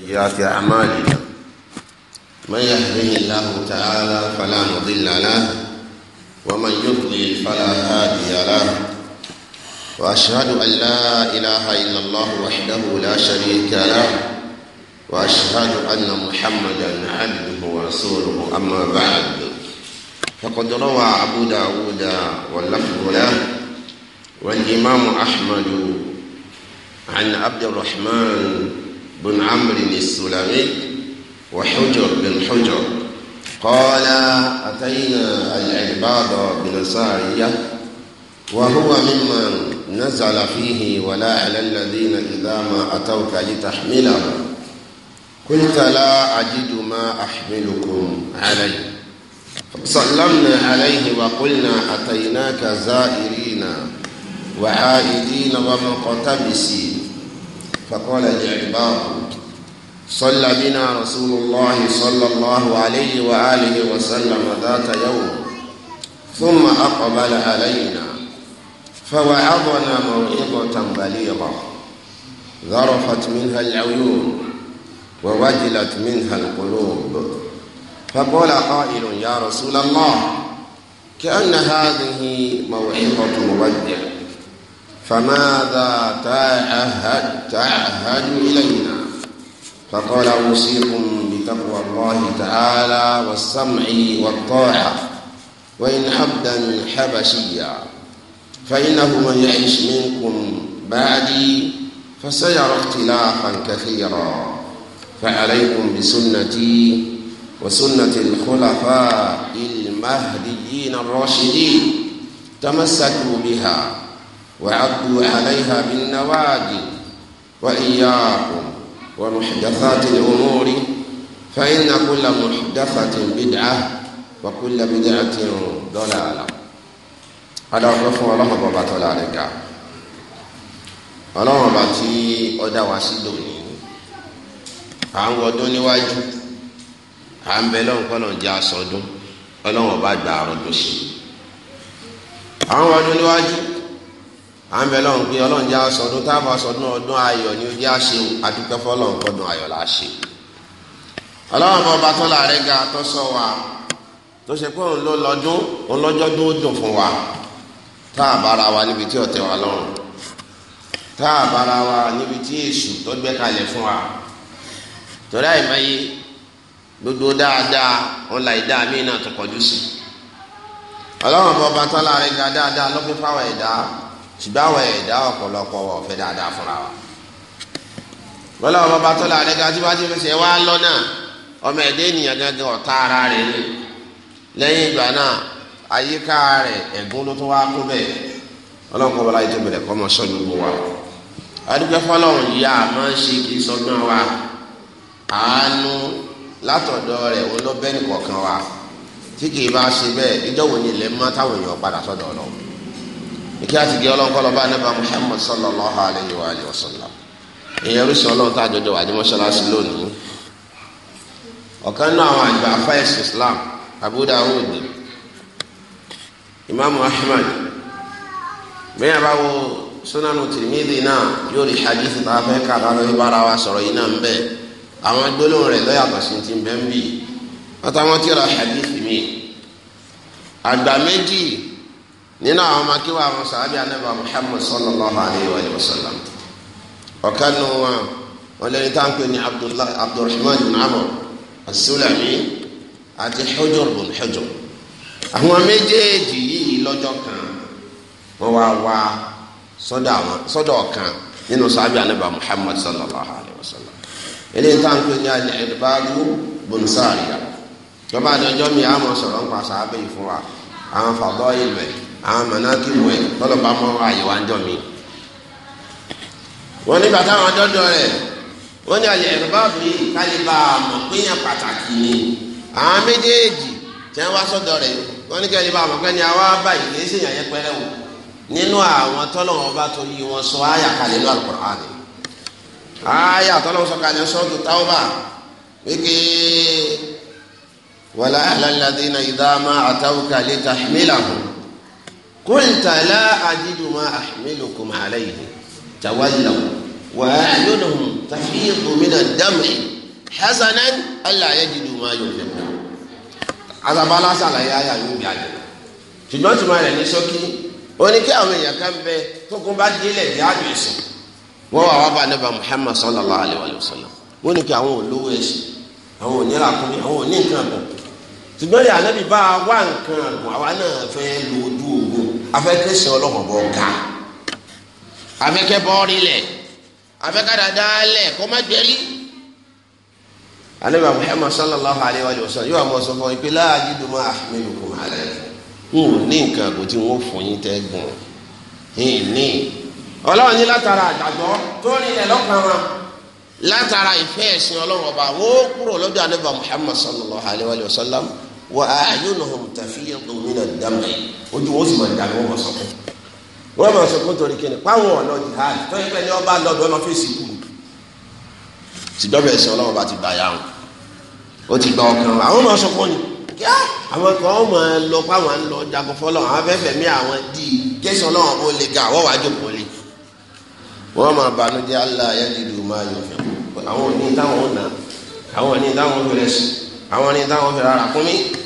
سيئات أعمالنا من يهده الله تعالى فلا مضل له ومن يضلل فلا هادي له وأشهد أن لا إله إلا الله وحده لا شريك له وأشهد أن محمدا عبده ورسوله أما بعد فقد روى أبو داود واللفظ له والإمام أحمد عن عبد الرحمن بن عمرو السلمي وحجر بن حجر قال أتينا العباد بن سارية وهو ممن نزل فيه ولا على الذين إذا ما أتوك لتحملهم قلت لا أجد ما أحملكم عليه فسلمنا عليه وقلنا أتيناك زائرين وعائدين ومقتبسين فقال الإعبار صلى بنا رسول الله صلى الله عليه وآله وسلم ذات يوم ثم أقبل علينا فوعظنا موعظة بليغة ذرفت منها العيون ووجلت منها القلوب فقال قائل يا رسول الله كأن هذه موعظة مبدئة فماذا تعهد تعهد إلينا فقال أوصيكم بتقوى الله تعالى والسمع والطاعة وإن عبدا حبشيا فإنه من يعيش منكم بعدي فسيرى اختلافا كثيرا فعليكم بسنتي وسنة الخلفاء المهديين الراشدين تمسكوا بها وعضوا عليها بالنواجذ وإياكم ومحدثات الأمور فإن كل محدثة بدعة وكل بدعة ضلالة هذا رفع الله بابا تلالك ọlọ́run ọba tí ó dá wa sí lónìí à ń wọdún níwájú à ń bẹ lọ́run kọ́ lọ́n jẹ́ aṣọdún ọlọ́run ọba gbà àròdún sí à ń wọdún níwájú à ń bẹ lọ́run pé ọlọ́run jẹ́ aṣọdún táàbù aṣọdún ọdún ayọ̀ ni ó jẹ́ àṣe àdúpẹ́ fọlọ́run kọ́dún ayọ̀ là á ṣe. ọlọ́run bọ́ bàtọ́ làárẹ̀ ga tó sọ wa tó ṣe pé òun ló lọ́dún òun lọ́jọ́ dún ó dùn fún wa tá a bára wa níbi tí ọ̀tẹ̀ wa lọ́rùn tá a wa níbi tí èṣù tó gbẹ́ kalẹ̀ fún wa torí àìmọye gbogbo dáadáa òun là ìdá mi náà tó kọjú sí ọlọ́run bọ́ bàtọ́ ṣùgbọ́n àwọn ẹ̀dá ọ̀pọ̀lọpọ̀ ọ̀fẹ́ dáadáa fúnra wa. wọ́n lọ́wọ́ bàbá tó la àdẹ́gà tí wọ́n ti fi ṣe wá lọ́nà ọmọ ẹ̀dá ènìyàn gangan ọ̀tá ara rẹ̀ ni lẹ́yìn ìgbà náà àyíká rẹ̀ ẹ̀gún ló tún wá kó bẹ́ẹ̀ ọlọ́kọ̀ wọlé tó bẹ̀rẹ̀ kọ́ mọ́ sọ́nù gbogbo wa. adúgbò fọlọ́run yìí a máa ń ṣe kí sọ́gbọ́n wa àánú látọ̀dọ̀ rẹ̀ wọn ló wa tí kì í bá ṣe bẹ́ẹ̀ ìjọ́wò ni ilẹ̀ mọ́ táwọn èèyàn padà sọ́dọ̀ ọlọ́run ìkí àti ìgbé ọlọ́run kọ́ lọ bá nípa Muhammad sallallahu alayhi wa alihi wa sallam èèyàn oríṣi ọlọ́run tá a jọjọ wà ní mọ́ṣáláṣí lónìí ọ̀kan náà àwọn àgbà afáìsì Islam Abu Dawud Imam Ahmad bẹ́ẹ̀ bá wo sunanu Tirmidhi náà yóò rí hadith tá a fẹ́ ká lọ́wọ́ ibára wa sọ̀rọ̀ yìí náà ń bẹ àwọn gbólóhùn rẹ̀ lọ́yàtọ̀ sí ti bẹ́ẹ̀ ń bì wọ́n táwọn tí ó ra hadith mi àgbà méjì nínú àwọn ọmọ akéwà àwọn sàábì anábà Muhammad sallallahu alayhi wa sallam ọ̀kan nù wọn wọn lẹni tá à ń pè ní Abdulrahman bin Amr as-Sulami àti Hujr bin Hujr àwọn méjèèjì yìí lọ́jọ́ kan wọ́n wá wá sọ́dọ̀ kan nínú sàábì anábà Muhammad sallallahu alayhi wa sallam eléyìí tá à ń pè ní al-Irbadu bin Sariya jọba àdéjọ́ mi àmọ́ sọ̀rọ̀ ń pa sàábì fún wa àwọn fàdọ́ ilẹ̀ yìí àwọn mọ̀nàkì wẹ̀ tọ́lọ́ba mọ́ àyè wa ń jọ mi. wọ́n nígbà táwọn dọ́dọ̀ rẹ̀ wọ́n ní àlẹ́ ẹ̀rọ báàbò yìí kálíbà mọ̀ péyàn pàtàkì ni àwọn méjèèjì tẹ́ wá sọ́dọ̀ rẹ̀ wọ́n ní kálíbà mọ̀ pé ní àwa báyìí kì í ṣèyàn yẹpẹrẹ wò nínú àwọn tọ́lọ́wọ́n bá torí wọn sọ àyà kalẹ̀ ní al àyà tọ́lọ́wọ́n sọ kalẹ̀ sọ́ọ̀tù Tawba wíkẹ́ wàlá àlàlàdínà ìdá àtàwùkà lè tàhmìlà قلت لا أجد ما أحملكم عليه تولوا وأعينهم تفيض من الدمع حسنا ألا يجدوا ما ينفقون azaba lásán àlàyé ayà yóò bí àjẹ ṣùgbọ́n tí mo rẹ̀ ní sọ́kí ó ní kí àwọn èèyàn kan bẹ tókun bá délẹ̀ dé àjò ẹ̀sìn wọ́n wà wá bá nípa Muhammad sallallahu alayhi wa sallam wọ́n ní kí àwọn olówó ẹ̀sìn àwọn onírà kúnmi àwọn oní nǹkan ṣùgbọ́n yà ànábì bá wá nǹkan àgùn àwa náà fẹ́ lo ojú ògùn afẹkẹsẹ Ọlọ́run bọ ga afẹkẹ bọọri lẹ afẹkada daalẹ kọmajẹli anabi Muhammad sallallahu alayhi wa sallam yóò wà mọ sọ fún yín pé láàyè dùnmọ àmínú kò má lẹ n ò ní nǹkan kò tí wọn fún yín tẹ gùn yín ní Ọlọ́run ní látara àgbàgbọ tó ní ẹ lọkàn wọn látara ìfẹ́ ẹ̀sìn Ọlọ́run ọba wọn ó kúrò lọ́dọ̀ anabi Muhammad sallallahu alayhi wa sallam wà á yóò nà hàn tàfíyà tó mí nà dàmà yìí ojú wọn sì máa dàmì wọn máa sọkún wọn máa sọkún torí kíni páwọn ọ̀nà jihad tó yẹ pé ní ọba lọ́dọ̀ ọ̀nà fèsì kù tìdọ́bẹ̀ ẹ̀sìn ọlọ́run bá ti gbà yà wọn ó ti gba ọkàn àwọn máa sọkún ni kíá àwọn kan máa lọ páwọn lọ jagun fọlọ àwọn afẹ́fẹ́ mi àwọn di kẹsàn ọlọ́run bó le ga àwọn wàá jókòó le wọn máa banújẹ́ aláyẹ dídùn máa yọ fẹ́ àwọn òní táwọn ò ná àwọn ní táwọn fẹrẹ sùn àwọn ní táwọn fẹrẹ ara kún mi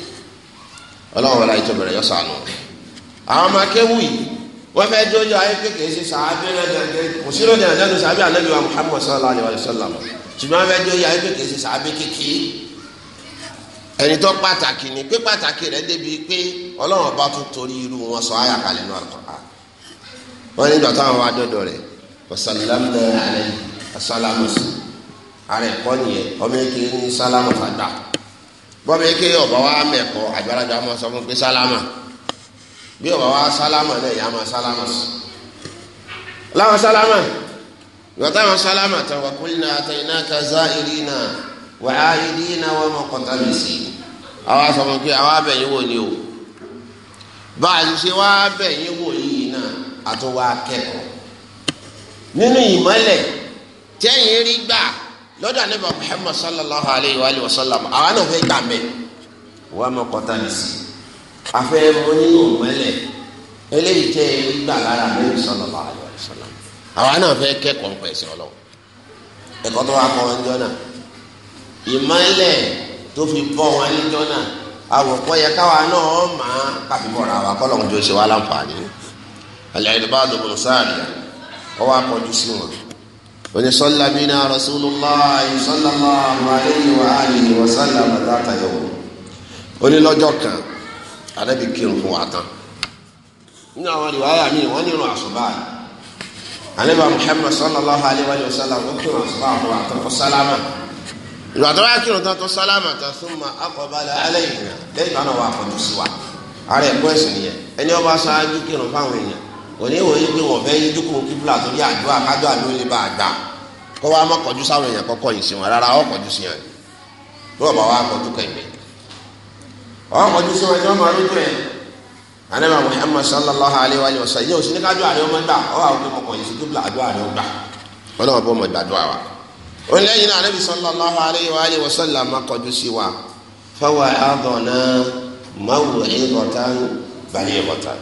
ọlọ́run wọlé ayétọ́ bẹ̀rẹ̀ yọ sànù. àwọn ọmọ akéwù yìí wọ́n fẹ́ jó yọ ayé kékeré sí sàábì lẹ́dẹ̀ẹ́dẹ́ kò sí lóde àdánù sàábì ànábì wa Muhammad sallallahu alayhi wa sallam ṣùgbọ́n wọ́n fẹ́ jó yọ ayé kékeré sí sàábì kékeré. ẹni tó pàtàkì ni pé pàtàkì rẹ̀ débi pé ọlọ́run bá tún torí irú wọn sọ ayà kalẹ̀ nù Al-Qur'an. wọ́n ní bọ́mi ké ọba wa mẹ́kọ̀ àjọyọ̀dá máa sọ fún pé sálámà bí ọba wa sálámà náà yà máa sálámà láwọn sálámà yọ̀tá wọn sálámà tó wà kúlínà àtẹ̀yìnà kaza ìrìnà wà á ìrìnà wọn mọ̀ kọ́tà mi sí i àwa sọ fún pé àwa bẹ̀ yín wò ni o bá a ṣe wá bẹ̀ yín wò yìí náà kẹ́kọ̀ọ́ nínú ìmọ̀lẹ̀ tẹ́yìn rí gbà. lọ́dọ̀ anábà muhammad sallallahu alayhi wa alayhi wa sallam àwa náà fẹ́ gbà mẹ́ wàá mọ kọ́tà ní sí afẹ́ mọ nínú mẹ́lẹ̀ eléyìí tẹ́ ẹ gbà lára anábì sallallahu alayhi wa sallam àwa náà fẹ́ kẹ́kọ̀ọ́ pẹ̀ sí ọlọ́wọ́ ẹ̀kọ́ tó wà kọ́ wọn jọ́nà ìmọ̀lẹ̀ tó fi bọ́ wọn ní jọ́nà àwòkọ́ yẹ káwa náà máa kàfíbọ̀ra wa kọ́ lọ́n sí wa láǹfààní onisọla bina rasulillahi sallallahu alayhi wa alihi wa sallam data yow onilọ́jọ́ kan anabi kírun fún wa tán nínú àwọn riwaayà mi wọn nínú àṣùbà anabi muhammad sallallahu alayhi wa sallam ó kírun àṣùbà fún wa tán fún sálámà ìgbà tó wá kírun tán tó sálámà tán summa aqbala alayna lẹ́yìn tó wà kọjú sí wa ara ẹ̀kọ́ ẹ̀sìn yẹn ẹni ọba aṣáájú kírun fáwọn èèyàn oníwòye pé wọ́n fẹ́ yíjú kúrò kíbla torí àdúrà kájọ àdúrà lè bá a gbà kó wa má kọjú sáwọn èèyàn kọ́kọ́ yìí sí wọn rárá ọ̀ kọjú sí wọn tó o bá wa kọjú kẹ̀mí ọ̀ kọjú sí wọn tí wọ́n máa lójú ẹ̀ anaba Muhammad sallallahu alayhi wa sallam yóò sí ní kájọ àdúrà ọmọ gbà ọ̀ àwọn tó kọkọ yìí sí kíbla àdúrà àdúrà gbà wọn náà bọ́ ọmọ gbàdúrà wa wọn lẹ́yìn náà anabi sallallahu alayhi wa sallam má kọjú sí wa fáwọn àdọ̀nà máwùrẹ́ ìrọ̀tàn bàlẹ́ ìrọ̀tàn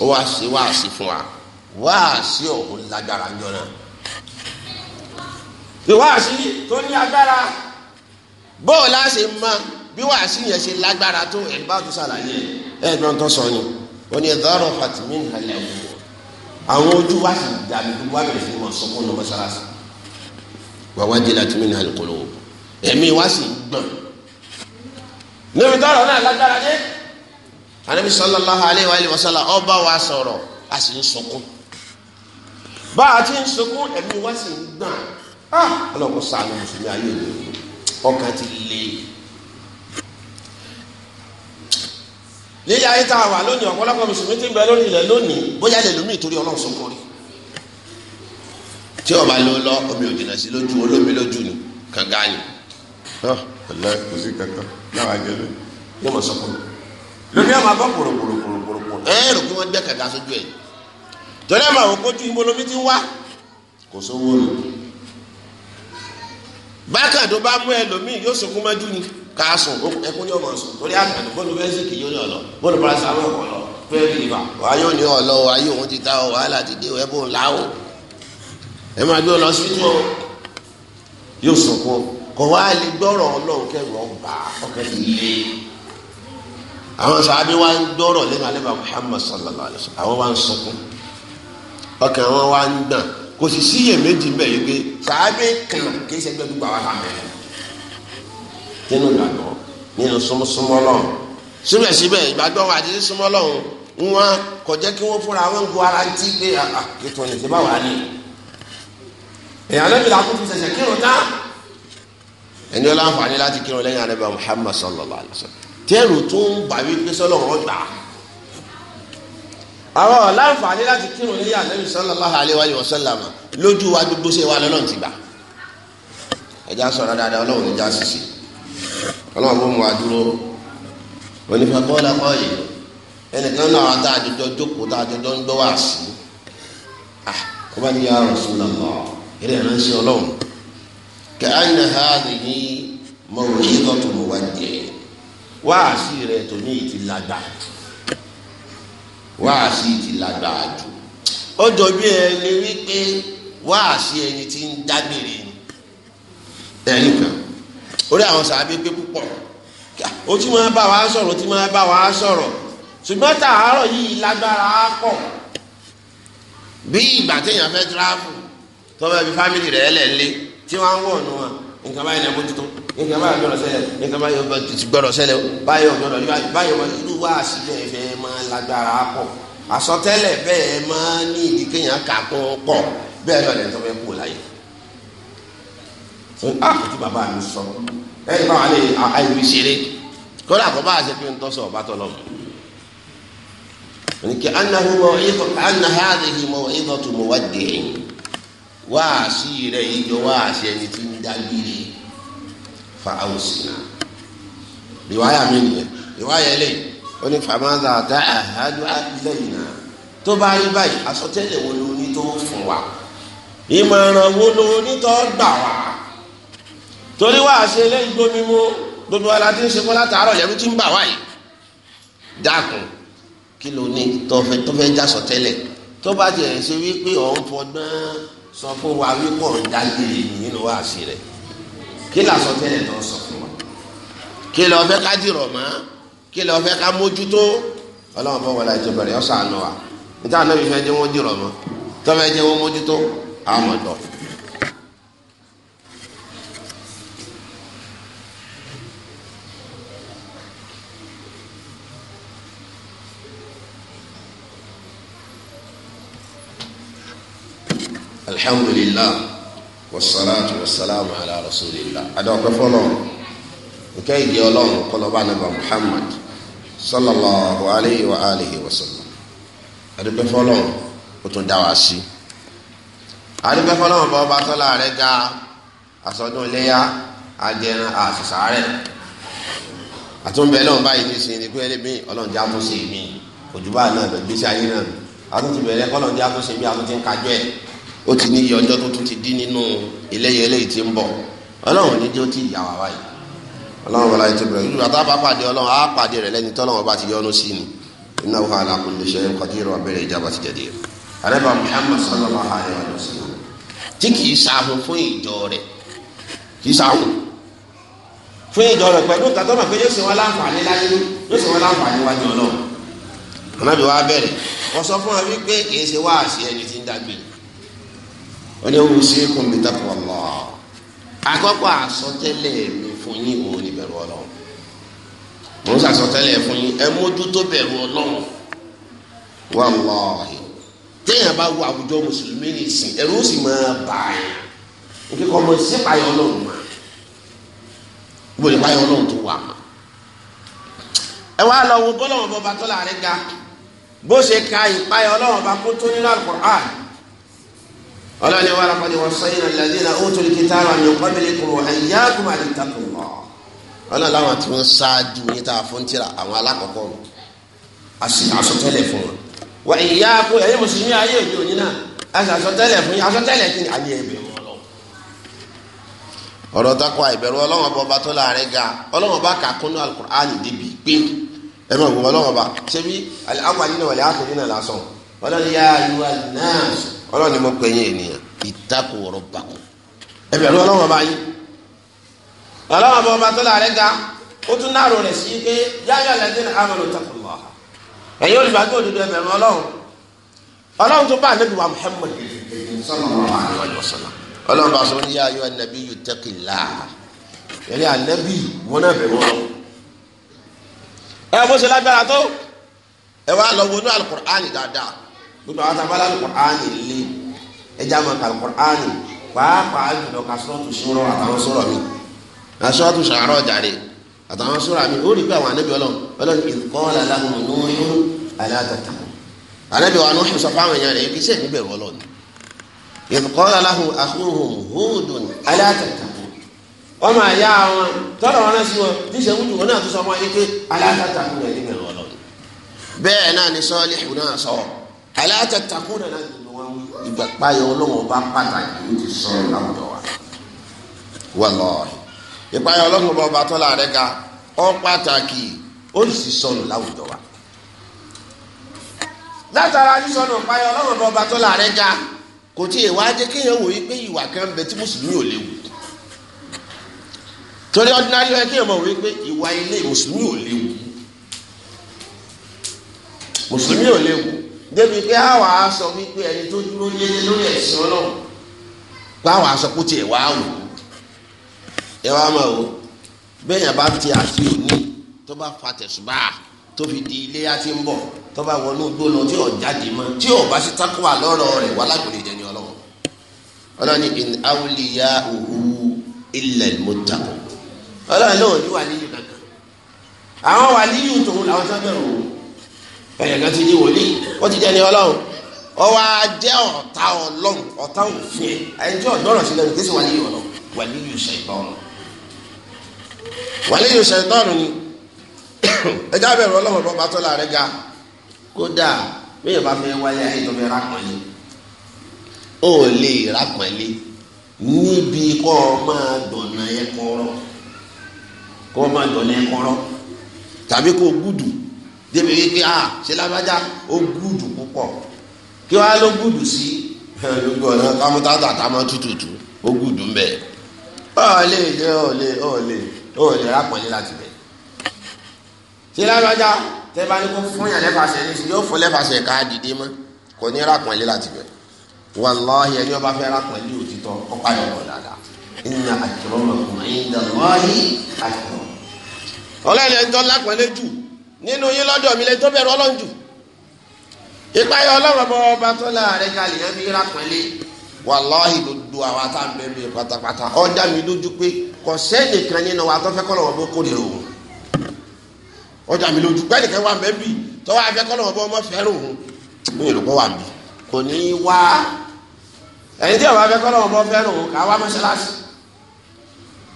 ó wá sí wáàsí fún wa wáàsí ọ̀hún lágbára ń jọ náà bí wáàsí tó ní agbára bóò láṣẹ mọ bí wáàsí yẹn ṣe lágbára tó ẹ̀ bá tún ṣàlàyé ẹ̀ gbọ́n tó sọ ni ó ní ẹ̀dọ́rọ̀ fatimi nìkanlẹ̀ wò àwọn ojú wa sì dàbí gbogbo àgbẹ̀ fún wọn sọ fún ọmọ mọ́ṣáláṣí wà wá jẹ́ láti mìíràn àlùkò lówó ẹ̀mí wa sì gbọ̀n níbi tọ́rọ̀ náà lágbára dé anabi sallallahu alayhi wa sallam ọba wa sọ̀rọ̀ a sì ń sunkún bá a ti ń sunkún ẹ̀mí wa sì ń gbọ̀n ah, ọlọ́kọ̀ sàánú mùsùlùmí ayé mi ọkàn ti le. nílẹ̀ ayé tá a wà lónìí ọ̀pọ̀lọpọ̀ mùsùlùmí ti ń bẹ lórí ilẹ̀ lónìí bóyá lè lómi ìtorí ọlọ́run sunkún rí. tí ọba ló lọ omi ò jìnnà sí lójú olómi lójú ni kànga ni. ọ̀lẹ́ ah, kò sí kankan náà wàá jẹ lónìí. yóò mọ̀ sọ́kùnrin lómi àwọn abọ́ pòròpòròpòròpòrò. ẹ ẹ rò pé wọ́n gbẹ kàga sójú ẹ̀ torí àwọn àwọn kojú ìmọ̀lómi ti wá kò sówó lò. bákan tó bá mú ẹlòmíì yóò sunkún mọ́jú ni ká sùn ẹkún yóò máa sùn torí àgbàdo bọ́ọ̀lù bẹ́sìkì yóò ní ọ̀lọ́ bọ́ọ̀lù paracetamol kọ̀ lọ fẹ́ẹ́ rí ibà. ayé òní ọ̀lọ́ ayé òun ti ta wàhálà ti dé ẹ bò o ẹ máa gbé ọ lọ sí tó yóò sunkún kọ̀ wá lè gbọ́rọ̀ ọlọ́run kẹ́rù ọ̀ àwọn sàábí wa ń dọ́rọ̀ lẹ́nu alẹ́bàá Muhammad sallallahu alayhi wa sallam àwọn wa ń sọkún ọkàn wọn wa ń gbọ̀n kò sì síyè méjì ń bẹ̀ yìí pé sàábí kan kì í ṣe gbẹ́dú gbà wá láàmì nínú ìgbàgbọ́ nínú súnmọ́súnmọ́ lọ́hùn síbẹ̀síbẹ̀ ìgbàgbọ́ wa àti súnmọ́ lọ́hùn wọn kò jẹ́ kí wọ́n fúnra wọn gu ara ti pé ètò ah, ìrètí ah, bá wà ní. èèyàn lẹ́bi làkú ṣẹ̀ṣẹ̀ kírun tá. ẹni ó láǹfààní láti Muhammad sallallahu alayhi wa sallam tẹ́rù tó ń bà wípé sọ́lọ́run ọgbà àwọn aláǹfààní láti kírun ní ànábì sallallahu alaihi wa sallam lójú wa gbogbo ṣe wa lọ́lọ́run ti gbà ẹ̀já sọ̀rọ̀ dáadáa ọlọ́run níjà ṣiṣì ọlọ́run ló mú wa dúró onífẹ́kọ́ lápá yìí ẹnìkan náà wà tá a jọjọ jókòó tá a jọjọ ń gbọ́ wá sí i ah kó bá ní ya Rasulullah eré ìránṣẹ́ ọlọ́run kẹ́ àyìnà ha àdìyí mọ̀ òye tó tó mọ̀ wá jẹ́ wáàsí rẹ tó ní ìtì lágbà wáàsí ìtì lágbà jù ó jọ bí ẹni wípé wáàsí ẹni tí ń dágbére ni ẹni kan orí àwọn sàbí pé púpọ̀ ó ti máa bá wa sọ̀rọ̀ ó ti máa bá wa sọ̀rọ̀ ṣùgbọ́n tààrọ̀ yìí lágbára á pọ̀ bí ìgbà téèyàn fẹ́ tíráfù tó bá fi fámìlì rẹ̀ lẹ̀ lé tí wọ́n ń wọ̀ nù wọn nǹkan báyìí lẹ́kọ́ tuntun nǹkan máa gbọ́dọ̀ ṣẹlẹ̀ nǹkan máa yọ gbọ́dọ̀ ṣẹlẹ̀ báyọ̀ gbọ́dọ̀ báyọ̀ irú wa síbẹ̀ fẹ́ máa lágbára pọ̀ àsọtẹ́lẹ̀ bẹ́ẹ̀ máa ní ìdí kéèyàn kà kún pọ̀ bẹ́ẹ̀ náà lẹ́tọ́ fẹ́ kú láyé. àkùtù ah, bàbá mi sọ ẹ̀yìn báwa lè àìrí ṣeré kódà kó bá a ṣe pé ń tọ́sọ̀ ọ̀bá tọ́lọ̀ nìkẹ́ anahadhihi maw'izatu muwaddi'in wáàsí rẹ̀ yíyọ wáàsí ẹni tí ń dágbére fa awusina riwaya mi nìyẹn riwaya eléyìí ó ní famaza ata ahadu lẹ́yìn náà tó bá rí báyìí àsọtẹ́lẹ̀ wo ló ní tó fún wa ìmọ̀ràn wo ló ní tó gbà wá torí wá àṣẹ eléyìí gbómi mú gbogbo ara tí ń ṣe kọ́ látàárọ̀ yẹn tí ń bà wáyìí dákun kí ló ní tọ́fẹ́ tọ́fẹ́ já sọtẹ́lẹ̀ tó bá jẹ́ ṣe wípé ọ̀ ń fọgbọ́n sọ fún wa wípé ọ̀ ń dá gèrè nínú wá àṣẹ rẹ̀ kí làásọ tẹ́lẹ̀ tó sọ fún wa kí lọ́ọ́ ká dìrọ̀ mọ́ kí lọ́ọ́ ká mójútó ọlọ́run fún wọlé ẹjọ́ bẹ̀rẹ̀ ọ̀sán àná wa níta anábì fẹ́ jẹ́ wọ́n dìrọ̀ mọ́ tọ́fẹ́ jẹ́ wọ́n mójútó àwọn ọ̀dọ́. alhamdulillah. wasalaatu wasalaamu ala rasulillah adọ́pẹ́ fọlọ́run nke ìdí ọlọ́run kọlọ́ba nígbà muhammad sallallahu alayhi wa alihi wa sallam adọ́pẹ́ fọlọ́run ó tún dá wa sí ga asọ́dún iléyà ajẹran àṣìṣàárẹ̀ àtúnbẹ̀ lọ́run báyìí ní òjúbà náà gbèsè ayé náà àtúntì bẹ̀rẹ̀ ó ti níyì ọjọ́ tuntun ti di nínú eléyìí eléyìí ti ń bọ̀ ọlọ́run ní ti yà wá wáyé ọlọ́run wọlé ayé bẹ̀rẹ̀ ìlú àti àbá ọlọ́run á ti yonu sí ni iná wà á lè ṣe kọjú ìrọ̀ abẹ́rẹ́ ìjábá ti jẹ̀dẹ̀ rẹ̀ àrẹ́bà Muhammad sallallahu alayhi wa sallam tí kì í sàhùn fún ìjọ rẹ̀ kì í sàhùn fún ìjọ rẹ̀ pẹ̀lú tàtọ́nà pé yóò ṣe wọn láǹfààní ọdẹ wo sí kún bí tako Allah àkọ́kọ́ àsọtẹ́lẹ̀ mi fún yín òun ni bẹ̀rù Ọlọ́run mo sàsọtẹ́lẹ̀ fún yín ẹ mójútó bẹ̀rù Ọlọ́run wàláhì téèyàn bá wo àwùjọ mùsùlùmí ní ìsìn ẹ̀rù ó sì máa bà á òkè kọ́ ọmọ sí payọ̀ Ọlọ́run mà ìbòlè payọ̀ Ọlọ́run tó wà mà ẹ wá lọ wo bọ́lọ̀ wọn bọ́ bá tọ́lá rẹ ga bó ṣe ka ìpayọ̀ Ọlọ́run bá kó tó nínú al ọlọ́ni wa lakọ́ni wọ́n sọ yìí lọ́dí náà ó tún kí táwọn àmì ọ̀pọ̀ mẹ́lẹ̀ kúrò ẹ̀yà kó máa di takùn lọ. ọlọ́ni àwọn tí wọ́n ṣáájú yìí tá a fún tira àwọn alákọ̀ọ́kọ́ wọn àṣetẹ́lẹ̀ fún wọn. wà ìyá kó ẹ̀yẹ mùsùlùmí ayé òde òní náà àṣetẹ́lẹ̀ fún yín àṣetẹ́lẹ̀ kí ni ayé ẹ̀bẹ̀ wọn lọ. ọ̀rọ̀ takwa ìbẹ̀rù ọlọ́wọ́n bọba ọlọ́run ni mo pè yín ènìyàn ìtakò ọ̀rọ̀ bàkú ẹ̀bẹ̀ ló ọlọ́run ọba yín ọlọ́run ọba ọba tó láàrẹ́ ga ó tún náà rò rẹ̀ sí pé yáyà lẹ́dín amanu taqullah ẹ̀yin olùgbàgbọ́ òdodo ẹ̀bẹ̀ rún ọlọ́run ọlọ́run tó bá ànábì wa Muhammad ọlọ́run bá sọ ní yá ayọ́ yóò tẹ́kìlá yẹ́nì ànábì wọn náà bẹ̀ wọ́n ẹ gbogbo àwọn tábàlà alukur'ani lé ẹja máa ka alukur'ani pàápàá jùlọ ka sọ́ọ̀tù sọ́rọ̀ àtàwọn sọ́rọ̀ mi na sọ́ọ̀tù sàárọ̀ jàre àtàwọn sọ́rọ̀ mi ó rí pé àwọn anábì ọlọ́run ọlọ́run ìkọ́lá láwọn olóyún aláàtàtà anábì wa Nuhu sọ fáwọn èèyàn rẹ̀ kí sẹ́yìn bẹ̀rù ọlọ́run ìkọ́lá láwọn akhuhum Hudun aláàtàtà wọ́n máa yá wọn tọ́lọ̀ wọn náà sí wọn tí ìṣẹ́gun jù wọn náà tó sọ ọmọ yín pé aláàtàtà kúrò ẹ̀ níbẹ̀rù ọlọ́run bẹ́ẹ̀ náà ni sọ́ọ́lì aláàtàtàkùn náà láti lọ wọn ìgbà páyọ ọlọ́wọ́n bá pàtàkì ọba tọ́lá rẹ̀ ga ó pàtàkì ó sì sọ̀rọ̀ láwùjọ wa látara sísọnù ọba tọ́lá rẹ̀ ga kò tí ì wá jẹ́ kéèyàn wòye pé ìwà tí mùsùlùmí ò léwu torí wípé ìwà ilé mùsùlùmí débi pé a á sọ wípé ẹni tó dúró yéye lórí ẹ̀sìn ọlọ́run pé a á sọ kó tiẹ̀ wá wò ẹ wá mọ̀ o bẹ́ẹ̀ yẹn bá ti àti òní tó bá fa tẹ̀sùbá tó fi di ilé yá ti ń bọ̀ tó bá wọnú gbóná tí jáde mọ́ tí ò bá takuwa lọ́rọ̀ rẹ̀ wà lágbèrè jẹ ọlọ́run in ya òhu ẹ̀yà kan ti di wòlíì ó ti jẹ́ ní ọlọ́run ọwọ́ ajẹ́ ọ̀tá ọlọ́run ọ̀tá òfin ẹ̀ ẹ̀jẹ̀ ọ̀dọ́rọ̀ sílẹ̀ ní kí sì wà ní ọ̀nà wà ní yóò ṣe ìtọ́run ni ẹjẹ́ abẹ́rẹ́ ọlọ́run bọ́ bá tọ́lá ga kódà bẹ́ẹ̀ bá fẹ́ wáyé ayé tó fẹ́ rákànlé ó lè rákànlé níbi kọ́ ọ tàbí kó gúdù débi wípé a ṣe lábájá ó gúdù púpọ̀ kí wàá ló gúdù sí lójú ọ̀nà kámútátà támọ́ tútùtù ó gúdù ń bẹ̀ ọ̀ọ́lẹ̀ ọ̀ọ́lẹ̀ ọ̀ọ́lẹ̀ ọ̀ọ́lẹ̀ rápọ̀lẹ̀ láti bẹ̀ ṣe lábájá tẹ́ bá ní kó fún yàn lẹ́fàṣẹ ní sí yóò fún lẹ́fàṣẹ ká dìde mọ́ kò ní rápọ̀lẹ̀ láti bẹ̀ wàláhì ẹni ọba fẹ́ rápọ̀lẹ̀ òtítọ́ ọ̀pá yọ̀ọ̀ dáadáa ìnà àtúrọ̀mọ̀kùnrin ìdàlọ́hì àtúrọ̀ ọlọ́ọ̀lẹ́ ń tọ́ lápọ̀lẹ̀ jù nínú yín lọ́dọ̀ mi lẹ́ni tó bẹ̀rù ọlọ́run jù ìpayà ọlọ́run bọ̀ ọba tó kalẹ̀ yẹn bí àwa tá à ń mi pátápátá ọjà mi pé wa tó fẹ́ kọ́ lọ́wọ́ bó kó lè rò ọjà mi lójú pé ẹnìkan wà mẹ́bí tó wà fẹ́ kọ́ lọ́wọ́ bó ọmọ fẹ́ rò ò kò ní í wá ẹni tí fẹ́ kọ́ lọ́wọ́ bó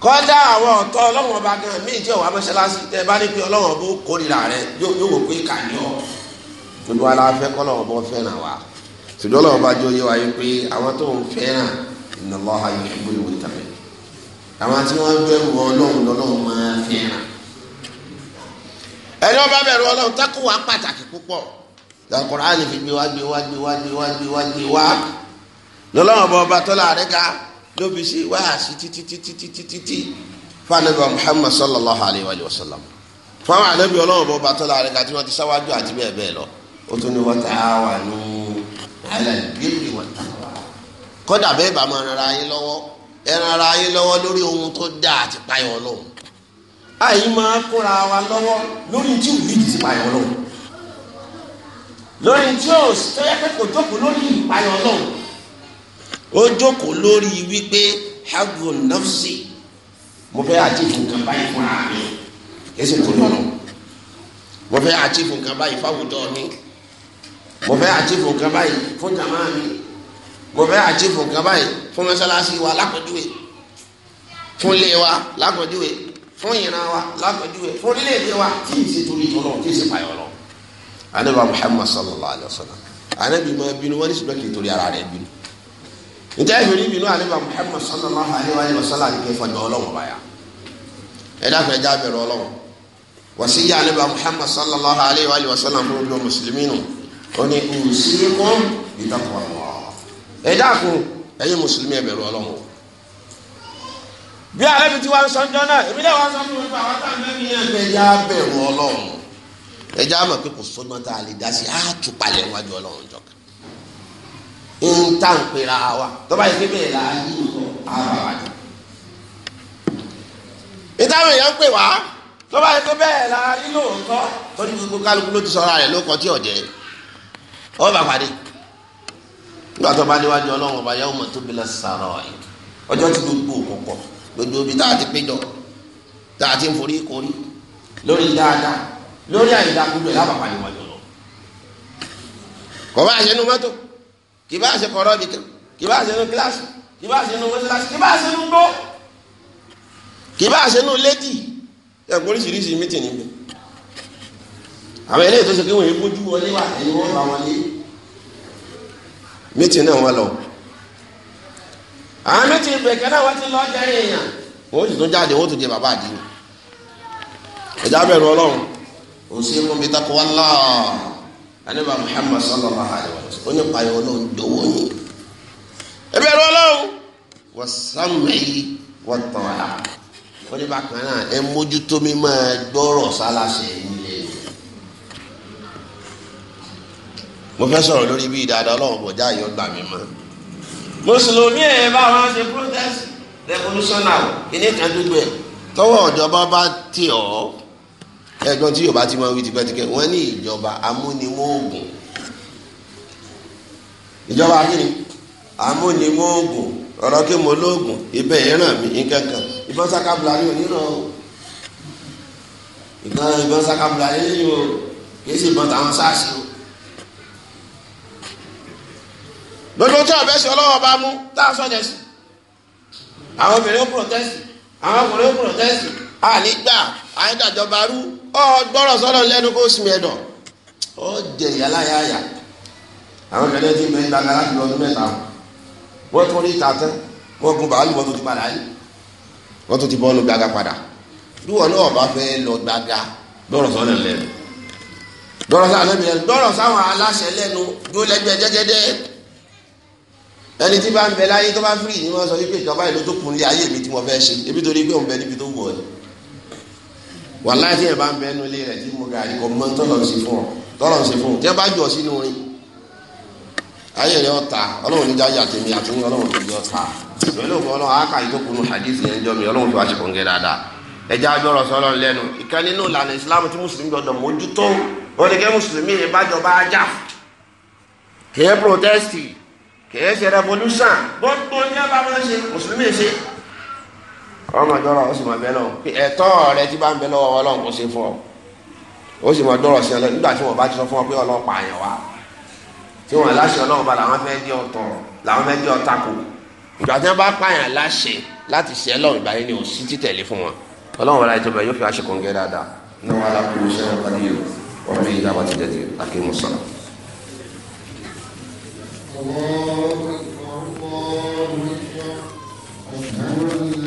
kọ́dá àwọn ọ̀tọ́ ọlọ́wọ́n ọba gan míì tí ọ̀wá mọ́ṣáláṣí tẹ́ bá ní pé ọlọ́wọ́n bó kórìíra rẹ yóò wò pé kà ní ọ. gbogbo ara fẹ́ kọ́ lọ́wọ́ bọ́ fẹ́ràn wa ṣùgbọ́n lọ́wọ́ bá jó yé wa yé pé àwọn tó ń fẹ́ràn inna Allaha yuhibbul muttaqin àwọn tí wọ́n bẹ̀rù ọlọ́run lọ́lọ́run máa fẹ́ràn. ẹni ọba bẹ̀rù ọlọ́run tákù wá pàtàkì púpọ̀ lọ́kùnrin ló fi ṣe wáàsí títí títí títí títí fún anabi muhammad sallallahu alayhi wa sallam fún àwọn anabi ọlọ́run bọ́ bàtọ́ la rẹ̀ kàtí wọ́n ti sáwájú àti bẹ́ẹ̀ bẹ́ẹ̀ lọ ó tún ní wọ́n ta wà ní alàgbélé wọ́n ta kọ́dà bẹ́ẹ̀ bá máa rara yín lọ́wọ́ ẹ rara yín lọ́wọ́ lórí ohun tó dáa àti payọ̀ ọlọ́run àyìn máa kóra wa lọ́wọ́ lórí tí ò ní ti payọ̀ ọlọ́run lórí tí ò tó ó jókòó lórí wípé hagu nafsi mo fẹ́ àtìfù nǹkan báyìí fún àmì ẹsẹ̀ tó lọ́nà mo fẹ́ àtìfù nǹkan báyìí fáwùjọ mi mo fẹ́ àtìfù nǹkan báyìí fún jàmá mi mo fẹ́ àtìfù nǹkan báyìí fún mọ́sálásí wa lápẹ̀júwe fún ilé wa lápẹ̀júwe fún ìran wa lápẹ̀júwe fún orílẹ̀-èdè wa tí ì ṣe torí tọ́lọ́ tí ì ṣe payọ̀ lọ. anabi muhammad sallallahu alayhi wa sallam anabi ma bínú wọn ní ṣùgbọ́n torí ara rẹ̀ bínú njẹ́ ìfìrí ìbínú àlebà Muhammad sallallahu alayhi wa sallam ni kẹfà jọ ọlọ́wọ́ báyà ẹ dákun ẹ já bẹ̀rẹ̀ ọlọ́wọ́ wàsíyà àlebà Muhammad sallallahu alayhi wa sallam fún ojú mùsùlùmí nù ó ní usikum bi taqwallah ẹ dákun ẹ̀yin mùsùlùmí ẹ bẹ̀rẹ̀ ọlọ́wọ́ bí alẹ́ bi ti wá sọ́njọ́ náà èmi náà wá sọ́njọ́ nípa àwọn táwọn mẹ́rin yẹn bẹ̀ já bẹ̀rẹ̀ ọlọ́wọ́ ẹ já mọ̀ pé kò sọ́nà tá a lè dá sí àtúpalẹ̀ wájú ọlọ́wọ́ jọ̀kan ń tà ń pera wa tọ́ba yìí pé bẹ́ẹ̀ la yí ara wa jù. ìtàwọn èèyàn ń pè wá tọ́ba yìí pé bẹ́ẹ̀ la yí lóòótọ́ tọ́jú gbogbo kálukú ló ti sọ ara rẹ̀ ló kọ́ tí ọ̀jẹ́ ọ̀ bá pàdé nígbà tó bá níwájú ọlọ́run ọba yahoo mọ̀tò bí lọ́sàrọ̀ ẹ̀ ọjọ́ tí gbogbo òkùnkọ̀ gbogbo ibi tá a ti péjọ tá a ti ń forí korí lórí dáadáa lórí àyíká gbogbo ẹ̀ lábàpàdé wájú lọ. kọ́ bá àyẹ̀nu mọ́tò kì bá ṣe kọ̀rọ̀ bìkan kì bá ṣe nu kíláàsì kì bá ṣe nu mọ́ṣáláṣí kì bá ṣe nu gbó kì bá ṣe nu lédì ẹ̀kọ́ oríṣiríṣi mítìn níbẹ̀ àwọn eléyìí tó ṣe kí wọ́n yẹn bójú wọlé wà ẹni wọ́n bá wọlé mítìn náà wọ́n lọ àwọn mítìn bẹ̀kẹ́ náà wọ́n ti lọ́ọ́ jẹ́ èèyàn wọ́n ti tún jáde wọ́n tún jẹ bàbá àdínì ẹ̀já bẹ̀rù ọlọ́run òsè mọ́mi takọ̀ wá láà anaba muhammad sallallahu alayhi wa sallam ó ní payọ ọlọ́run dọwọ yín ẹbí ẹrú ọlọ́run wọ sàmúlẹyìn wọ tọọlá ó ní bákan náà ẹ mójútó mi máa gbọ́rọ̀ sálàṣẹ nílé mo fẹ́ sọ̀rọ̀ lórí bí dáadáa ọlọ́run bọjá yọ gbà mí mọ́ mùsùlùmí ẹ bá wọn ṣe protest revolutionary kìnìkan dúdú ẹ tọwọ́ ọjọba bá tì ọ ẹ̀gbọ́n tí yorùbá ti máa wí tipẹ́tipẹ́ wọ́n ní ìjọba amúnimóògùn ìjọba kìíní amúnimóògùn ọ̀rọ̀ kí mo lóògùn ibẹ̀ yẹn ràn mí nkankan ìbọn sákàbùlà ni onírọ̀ o ìbọn ìbọn sákàbùlà ni yìí o kìí sì ìbọn táwọn sáàsì o. gbogbo tí ọ̀bẹ sí ọlọ́wọ́ bá mú tá a sọ̀jẹ̀ sí àwọn obìnrin ó protest àwọn ọkùnrin ó protest àní gbà àyíndàjọba rú gbọ́rọ̀ sọ́dọ̀ lẹ́nu kó sinmi ẹ̀dọ̀ ọ jẹ yàláyàyà àwọn kẹlẹ́ ti mẹ́ gbàgbà láti lọ ọdún mẹ́ta wọ́n tún rí ìta tán wọ́n gun bàálù wọ́n tún ti padà yìí wọ́n tún ti bọ́ọ̀lù gbàgà padà bí wọn náà bá fẹ́ lọ gbàgà gbọ́rọ̀ sọ́dọ̀ lẹ́nu gbọ́rọ̀ sáwọn ẹlẹ́bi lẹ́nu gbọ́rọ̀ sáwọn aláṣẹ lẹ́nu dúró lẹ́gbẹ́ jẹ́gẹ́dẹ́ ẹni tí bá ń bẹ láyé tó bá fírì ni wọ́n sọ wípé ìjọba ìlú tó kun lé ayé mi tí mo fẹ́ ṣe ebi torí pé òun bẹ níbi tó wù ọ́ yìí wàhálà tí yẹn bá ń bẹ ẹnu ilé rẹ̀ tí mo ga kò mọ tọ́lọ̀ sí fún ọ tọ́lọ̀ sí fún ọ tí bá orin ayé rẹ ọ̀tá ọlọ́run níjà yà tèmi àtúnyẹ ọlọ́run tó jẹ ọ̀tá pẹ̀lú hadith yẹn jọ mi ọlọ́run tó wá ṣe kọ̀ǹgẹ́ dáadáa ẹja ajọ́rọ̀ sọ́lọ́ lẹ́nu ìkan nínú ìlànà ìsìlámù tí mùsùlùmí mójútó mùsùlùmí gbogbo ní ọmọ o ó sì mọ bẹ́ẹ̀ lọ́wọ́ ẹ̀tọ́ rẹ ti bá ń bẹ lọ́wọ́ ọlọ́run kò ṣe fún ọ o sì mọ dọ́rọ̀ sí ọlọ́run nígbà tí wọ́n bá ti sọ fún ọ pé ọlọ́pàá yẹn wá tí wọ́n láṣẹ ọlọ́run bá làwọn fẹ́ dí ọ̀tọ̀ làwọn fẹ́ dí ọ̀tà kù ìgbà tí wọ́n bá pààyàn láṣẹ láti ṣe ọlọ́run ìgbà yẹn ni ò sí títẹ̀lé fún wọn ọlọ́run wọn láti tó bẹ̀ yóò fi aṣọ kọ̀ǹgẹ́ dáadáa náà wọn alákùnrin ti jẹ́ ti akéwì sọ̀rọ̀. الله أكبر الله أكبر